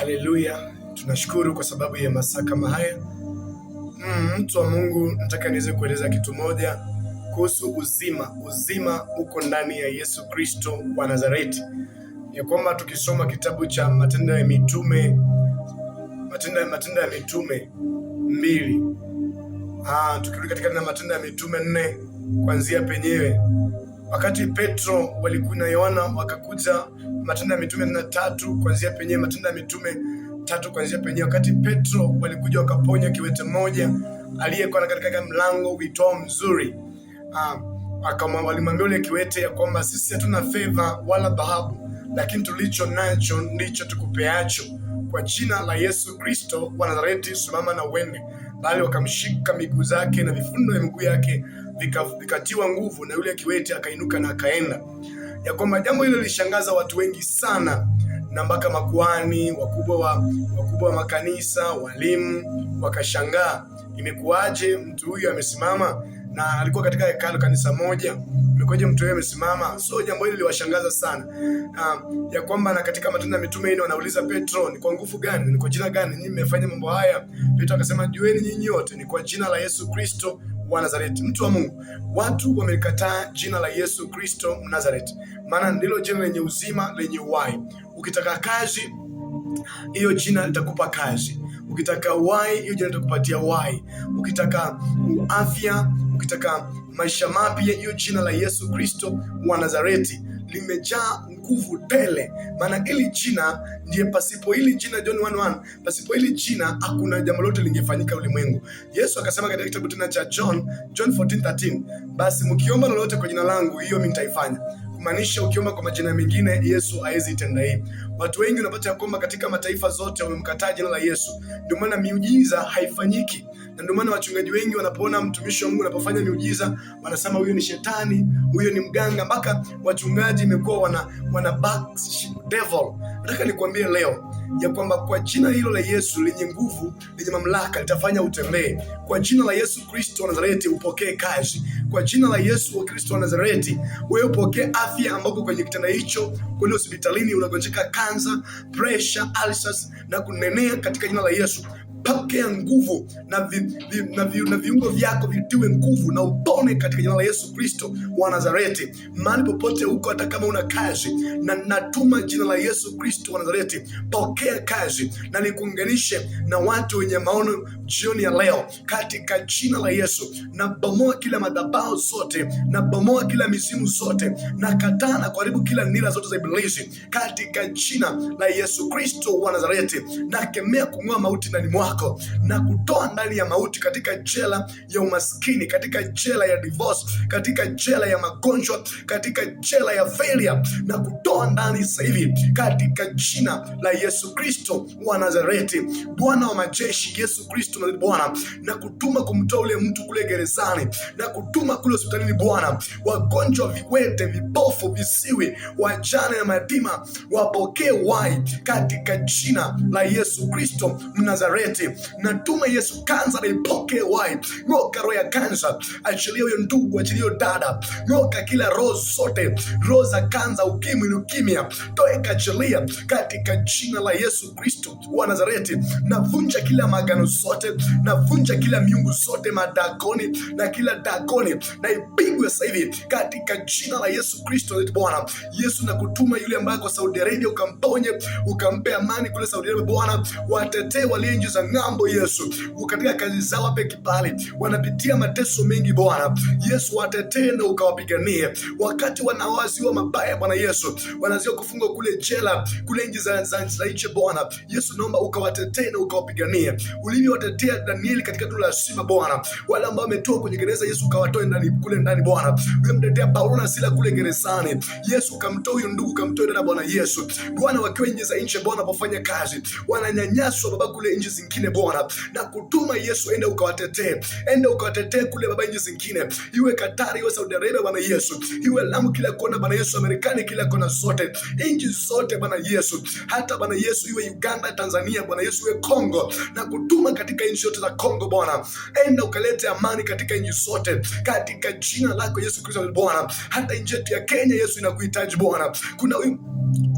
Haleluya, tunashukuru kwa sababu ya masaa kama haya. Mm, mtu wa Mungu, nataka niweze kueleza kitu moja kuhusu uzima. Uzima uko ndani ya Yesu Kristo wa Nazareti, ya kwamba tukisoma kitabu cha Matendo ya Mitume, Matendo, Matendo ya Mitume mbili, ah, tukirudi katika na Matendo ya Mitume nne kuanzia penyewe Wakati Petro walikuwa na Yohana wakakuja, Matendo ya Mitume na tatu kuanzia penye Matendo ya Mitume tatu kuanzia penye. Wakati Petro walikuja wakaponya kiwete mmoja aliyekuwa katika kama mlango uitwao mzuri. Ah, walimwambia ule kiwete ya kwamba sisi hatuna fedha wala dhahabu, lakini tulicho nacho ndicho tukupeacho kwa jina la Yesu Kristo wa Nazareti, simama na uende. Bali wakamshika miguu zake na vifundo vya miguu yake vikatiwa vika nguvu na yule kiwete akainuka na akaenda, ya kwamba jambo hilo lilishangaza watu wengi sana, na mpaka makuani wakubwa wa, wakubwa wa makanisa, walimu wakashangaa, imekuwaje mtu huyu amesimama na alikuwa katika hekalu kanisa moja, ulikuwaje mtu yeye amesimama? So jambo hili liwashangaza sana, na, um, ya kwamba na katika Matendo ya Mitume ino wanauliza Petro, ni kwa nguvu gani, ni kwa jina gani nyinyi mmefanya mambo haya? Petro akasema, jueni nyinyi yote, ni kwa jina la Yesu Kristo wa Nazareti, mtu wa Mungu. Watu wamelikataa jina la Yesu Kristo Nazareti, maana ndilo jina lenye uzima lenye uhai. Ukitaka kazi, hiyo jina litakupa kazi. Ukitaka wai hiyo jina itakupatia wai, Ukitaka afya, ukitaka maisha mapya, hiyo jina la Yesu Kristo wa Nazareti limejaa nguvu tele, maana hili jina ndiye, pasipo hili jina, John 1:1, pasipo hili jina hakuna jambo lote lingefanyika ulimwengu. Yesu akasema katika kitabu tena cha John, John 14:13, basi mkiomba lolote kwa jina langu, hiyo mimi nitaifanya. Kumaanisha ukiomba kwa majina mengine Yesu hawezi tenda hii. Watu wengi unapata ya kwamba katika mataifa zote wamemkataa jina la Yesu, ndio maana miujiza haifanyiki, na ndio maana wachungaji wengi wanapoona mtumishi wa Mungu anapofanya miujiza wanasema huyo ni shetani, huyo ni mganga, mpaka wachungaji imekuwa wana, wana backship devil. Nataka nikwambie leo ya kwamba kwa jina hilo la Yesu lenye nguvu, lenye mamlaka litafanya utembee. Kwa jina la Yesu Kristo wa Nazareti upokee kazi. Kwa jina la Yesu wa Kristo wa Nazareti wewe upokee afya, ambako kwenye kitanda hicho, kwenye hospitalini unagonjeka kansa, presha, alsas na kunenea katika jina la Yesu. Pokea nguvu na, vi, vi, na, vi, na viungo vyako vitiwe nguvu na upone katika jina la Yesu Kristo wa Nazareti. Mahali popote huko, hata kama una kazi, na natuma jina la Yesu Kristo wa Nazareti, pokea kazi na nikuunganishe na watu wenye maono jioni ya leo katika jina la Yesu. na bomoa kila madhabahu zote, nabomoa kila mizimu zote, kataa na kuharibu kila nira zote za Ibilisi katika jina la Yesu Kristo wa Nazareti. Nakemea kung'oa mauti ndani mwako na kutoa ndani ya mauti, katika jela ya umaskini, katika jela ya divorce, katika jela ya magonjwa, katika jela ya failure, na kutoa ndani sasa hivi katika jina la Yesu Kristo wa Nazareti. Bwana wa majeshi Yesu Kristo hospitalini Bwana, na kutuma kumtoa ule mtu kule gerezani, na kutuma kule hospitalini Bwana, wagonjwa, viwete, vipofu, visiwi, wajane na mayatima wapokee wai katika jina la Yesu Kristo Mnazareti. Natuma Yesu kanza ipokee wai, ng'oka roho ya kanza achilia huyo ndugu, achilia dada, ng'oka kila roho zote, roho za kanza ukimwi, ukimia toeka achilia katika jina la Yesu Kristo wa Nazareti. Navunja kila magano zote zote, navunja kila miungu zote madagoni na kila dagoni na ipigwe sasa hivi katika jina la Yesu Kristo Bwana. Yesu nakutuma yule ambaye kwa Saudi Arabia, ukamponye ukampe amani kule Saudi Arabia Bwana, watetee walio nchi za ng'ambo Yesu, katika kazi zao wape kibali, wanapitia mateso mengi Bwana Yesu, watetee na ukawapiganie wakati wanawaziwa mabaya Bwana Yesu, wanaziwa kufungwa kule jela kule nje za nje Bwana Yesu, naomba ukawatetee na ukawapiganie ulivyo umewatetea Danieli katika tunda la shima Bwana, wale ambao wametoa kwenye gereza Yesu kawatoe ndani kule ndani Bwana, umemtetea Paulo na Sila kule gerezani Yesu kamtoa huyo ndugu kamtoa ndani Bwana Yesu Bwana, wakiwa nje za nchi Bwana wanapofanya kazi wananyanyaswa Baba kule nchi zingine Bwana, na kutuma Yesu, ende ukawatetee, ende ukawatetee kule Baba nchi zingine, iwe Katari iwe Saudi Arabia Bwana Yesu, iwe Lamu kila kona Bwana Yesu, Amerikani kila kona zote nchi zote Bwana Yesu, hata Bwana Yesu iwe Uganda Tanzania Bwana Yesu iwe Kongo na kutuma katika katika nchi yote za Kongo Bwana, enda ukalete amani katika nchi zote katika jina lako Yesu Kristo Bwana. Hata nchi yetu ya Kenya Yesu inakuhitaji Bwana. Kuna huyu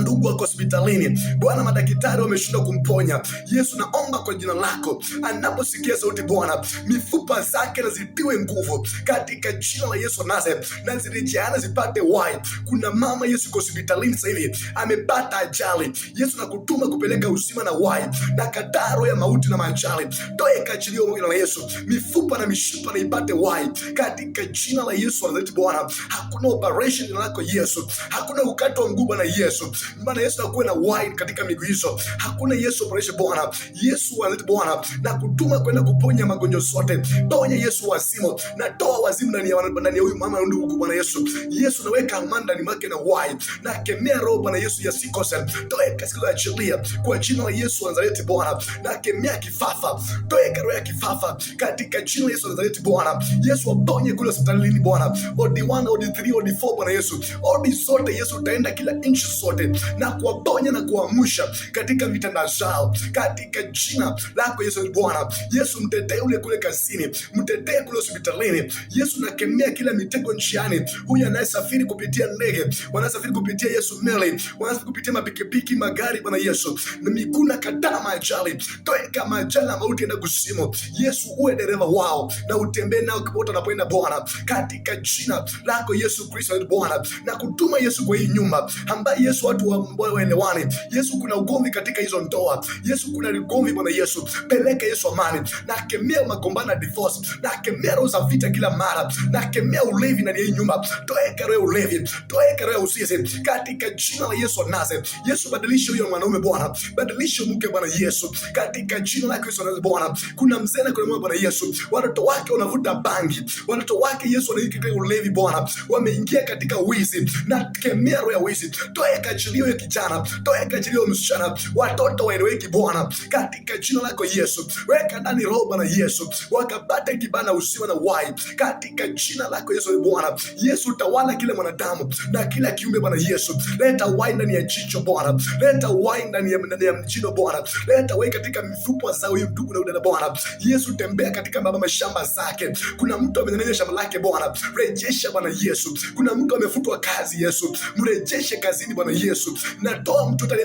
ndugu wako hospitalini Bwana, madaktari wameshindwa kumponya. Yesu naomba kwa jina lako, anaposikia sauti Bwana, mifupa zake nazipiwe nguvu katika jina la Yesu naze na zirejeana zipate wai. Kuna mama Yesu yuko hospitalini sasa hivi amepata ajali. Yesu nakutuma kupeleka uzima na wai na kataro ya mauti na majali toeka ajili ya la Yesu, mifupa na mishipa na ipate wai katika jina la Yesu Nazareti. Bwana, hakuna operation lako Yesu, hakuna ukato wa na Yesu, maana Yesu akuwe na wai katika miguu hizo, hakuna Yesu operation Bwana Yesu Nazareti. Bwana, na kutuma kwenda kuponya magonjwa sote, ponya Yesu wazimu, na toa wazimu ndani ya huyu mama na ndugu Bwana Yesu. Yesu naweka amani ndani mwake na wai, na kemea roho Bwana Yesu yasikose, toe sikilo ya chilia kwa jina la Yesu Nazareti Bwana, na kemea kifafa toe karo ya kifafa katika jina Yesu Nazareti Bwana. Yesu waponye kule hospitalini Bwana, od 1 od 3 odi 4 Bwana Yesu, odi zote Yesu, utaenda kila nchi zote na kuwaponya na kuamsha katika vitanda zao katika jina lako Yesu Bwana. Yesu mtetee ule kule kazini, mtetee kule hospitalini Yesu, nakemea kila mitego njiani, huyu anayesafiri kupitia ndege, wanasafiri kupitia Yesu mele, wanasafiri kupitia mapikipiki, magari Bwana Yesu, na mikuna na kataa majali, toeka na mauti na kusimo. Yesu uwe dereva wao na utembee nao popote wanapoenda Bwana, katika jina lako Yesu Kristo Bwana, na kutuma Yesu kwa hii nyumba ambaye Yesu watu ambao waelewane. Yesu kuna ugomvi katika hizo ndoa, Yesu kuna ugomvi Bwana Yesu, peleka Yesu amani, na kemea magombana na divorce, na kemea roho za vita kila mara, na kemea ulevi ndani ya hii nyumba, toeka roho ya ulevi, toeka roho ya uzinzi katika jina la Yesu anaze. Yesu badilisha huyo mwanaume Bwana, badilisha mke Bwana Yesu katika jina la Yesu anaze Bwana. Bwana. Kuna mzee na kuna Bwana Yesu, watoto wake wanavuta bangi, watoto wake Yesu wanaingia ulevi Bwana, wameingia katika wizi. Na kemea roho ya wizi, toa kachilio ya kijana, toa kachilio ya msichana, watoto waeleweki Bwana, katika jina lako Yesu. Weka ndani roho Bwana Yesu, wakapata kibana usiwa na wai, katika jina lako Yesu. Bwana Yesu, utawala kila mwanadamu na kila kiumbe Bwana Yesu, leta wai ndani ya jicho Bwana, leta wai ndani ya mchino Bwana, leta wai katika mifupa zao, huyu ndugu na neno Bwana. Yesu, tembea katika baba mashamba zake. Kuna mtu amenyang'anywa shamba lake Bwana, rejesha Bwana Yesu. Kuna mtu amefutwa kazi Yesu, mrejeshe kazini Bwana Yesu. Na toa mtu kazi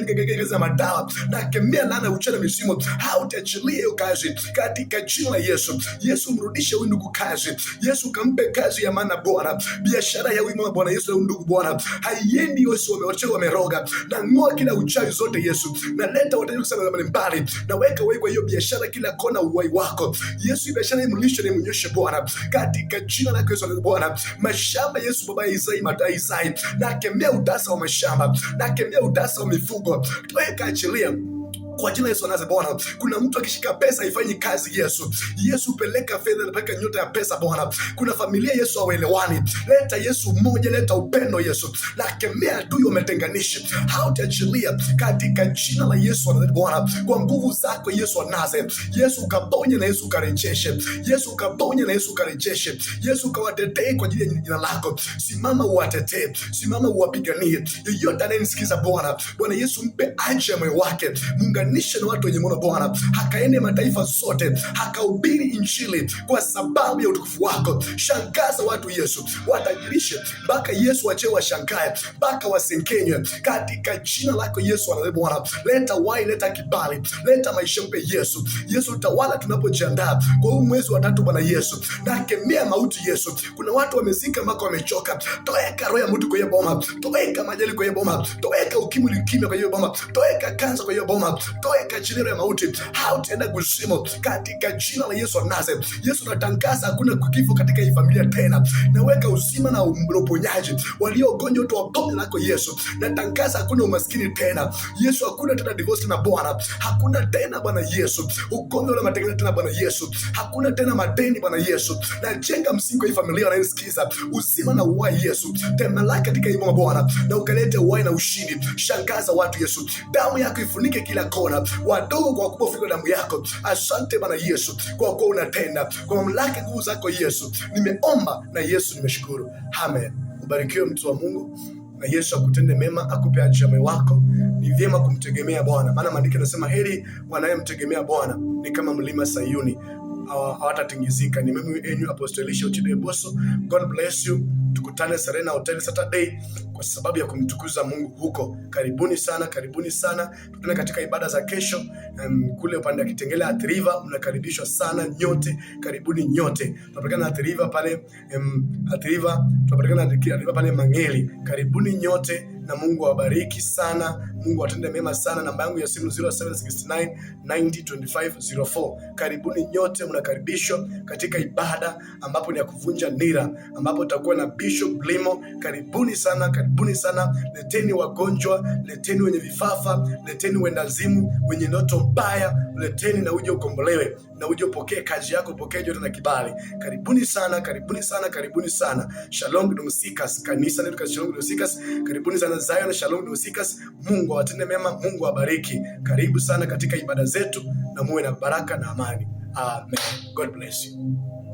ya madawa na kemea lana uchana misimo, hautaachilia hiyo kazi katika jina la Yesu. Yesu, mrudishe huyu ndugu kazi. Yesu, kampe kazi ya maana Bwana, biashara ya huyu mama Bwana Yesu, na ndugu Bwana, haiendi wose wamewachewa wameroga, na ng'oa kila uchawi zote Yesu, Na leta watajiri kusema mbali. Na weka wewe kwa hiyo biashara kila kona uwai wako. Yesu imeshana imlisho ni mnyoshe Bwana, katika jina la Yesu Bwana. Mashamba Yesu Baba Isai mata Isai, kemea utasa wa mashamba, na kemea utasa wa mifugo, toeka achilia kwa jina Yesu anaze Bwana, kuna mtu akishika pesa haifanyi kazi. Yesu, Yesu peleka fedha, peleka nyota ya pesa Bwana. Kuna familia Yesu awelewani. leta Yesu mmoja, leta upendo Yesu, na kemea adui wametenganisha, hautaachilia katika jina la Yesu anaze Bwana, kwa nguvu zako Yesu anaze. Yesu ukaponye na Yesu ukarejeshe, Yesu ukaponye na Yesu ukarejeshe, Yesu ukawatetee kwa ajili ya jina lako. Simama uwatetee, simama uwapiganie. Yeyote anayenisikiza Bwana, Bwana Yesu mpe aje moyo wake Mungu akakutanishe na watu wenye mono Bwana, hakaende mataifa zote, hakahubiri injili kwa sababu ya utukufu wako. Shangaza watu Yesu, watajirishe mpaka Yesu wache washangae, mpaka wasengenywe katika jina lako Yesu. Anawe Bwana, leta wai, leta kibali, leta maisha, mpe Yesu. Yesu tawala, tunapojiandaa kwa huu mwezi wa tatu, Bwana Yesu, nakemea mauti Yesu. Kuna watu wamezika mpaka wamechoka, toweka roho ya mtu kwa hiyo boma, toweka majali kwa hiyo boma, toweka ukimwi, ukimya kwa hiyo boma, toweka kansa kwa hiyo boma toe kachilero ya mauti, hautaenda kuzimu katika jina la Yesu wa Yesu natangaza hakuna kifo katika hii familia tena, naweka uzima na uponyaji waliogonjwa, utoa kombe lako Yesu. Natangaza hakuna umaskini tena Yesu, hakuna tena divorce na Bwana, hakuna tena Bwana Yesu, ugomvi wala matengenezo tena Bwana Yesu, hakuna tena madeni Bwana Yesu. Najenga msingi wa hii familia wanayesikiza uzima na uhai Yesu, tena tembelea katika hii Bwana na ukalete uhai na ushindi, shangaza watu Yesu, damu yako ifunike kila kona Bwana, wadogo wakubwa funikwa damu yako. Asante Bwana Yesu kwa kuwa unatenda kwa mamlaka nguvu zako Yesu. Nimeomba na Yesu nimeshukuru, amen. Ubarikiwe mtu wa Mungu na Yesu akutende mema, akupe haja moyo wako. Ni vyema kumtegemea Bwana, maana maandiko yanasema heri wanayemtegemea Bwana ni kama mlima Sayuni, hawatatingizika. Ni mimi enyu Apostle Uchide Boso. God bless you tukutane Serena hoteli Saturday kwa sababu ya kumtukuza Mungu huko. Karibuni sana, karibuni sana, tukutane katika ibada za kesho um, kule upande wa kitengele athiriva Mnakaribishwa sana nyote, karibuni nyote. Tunapatikana athiriva pale um, athiriva tunapatikana athiriva pale Mangeli, karibuni nyote na Mungu awabariki sana, Mungu atende mema sana. Namba yangu ya simu 0769902504. Karibuni nyote, mnakaribishwa katika ibada ambapo ni ya kuvunja nira, ambapo tutakuwa na Bishop Limo. Karibuni sana, karibuni sana, leteni wagonjwa, leteni wenye vifafa, leteni wendazimu, wenye ndoto mbaya, leteni na uje ukombolewe na uje upokee kazi yako, upokee joto na kibali. Karibuni sana, karibuni sana, karibuni sana. Shalom Dudumiseekers, kanisa letu Shalom Dudumiseekers, karibuni sana na Zion Shalom Dosikas. Mungu awatende mema, Mungu awabariki. Karibu sana katika ibada zetu, na muwe na baraka na amani. Amen. God bless you.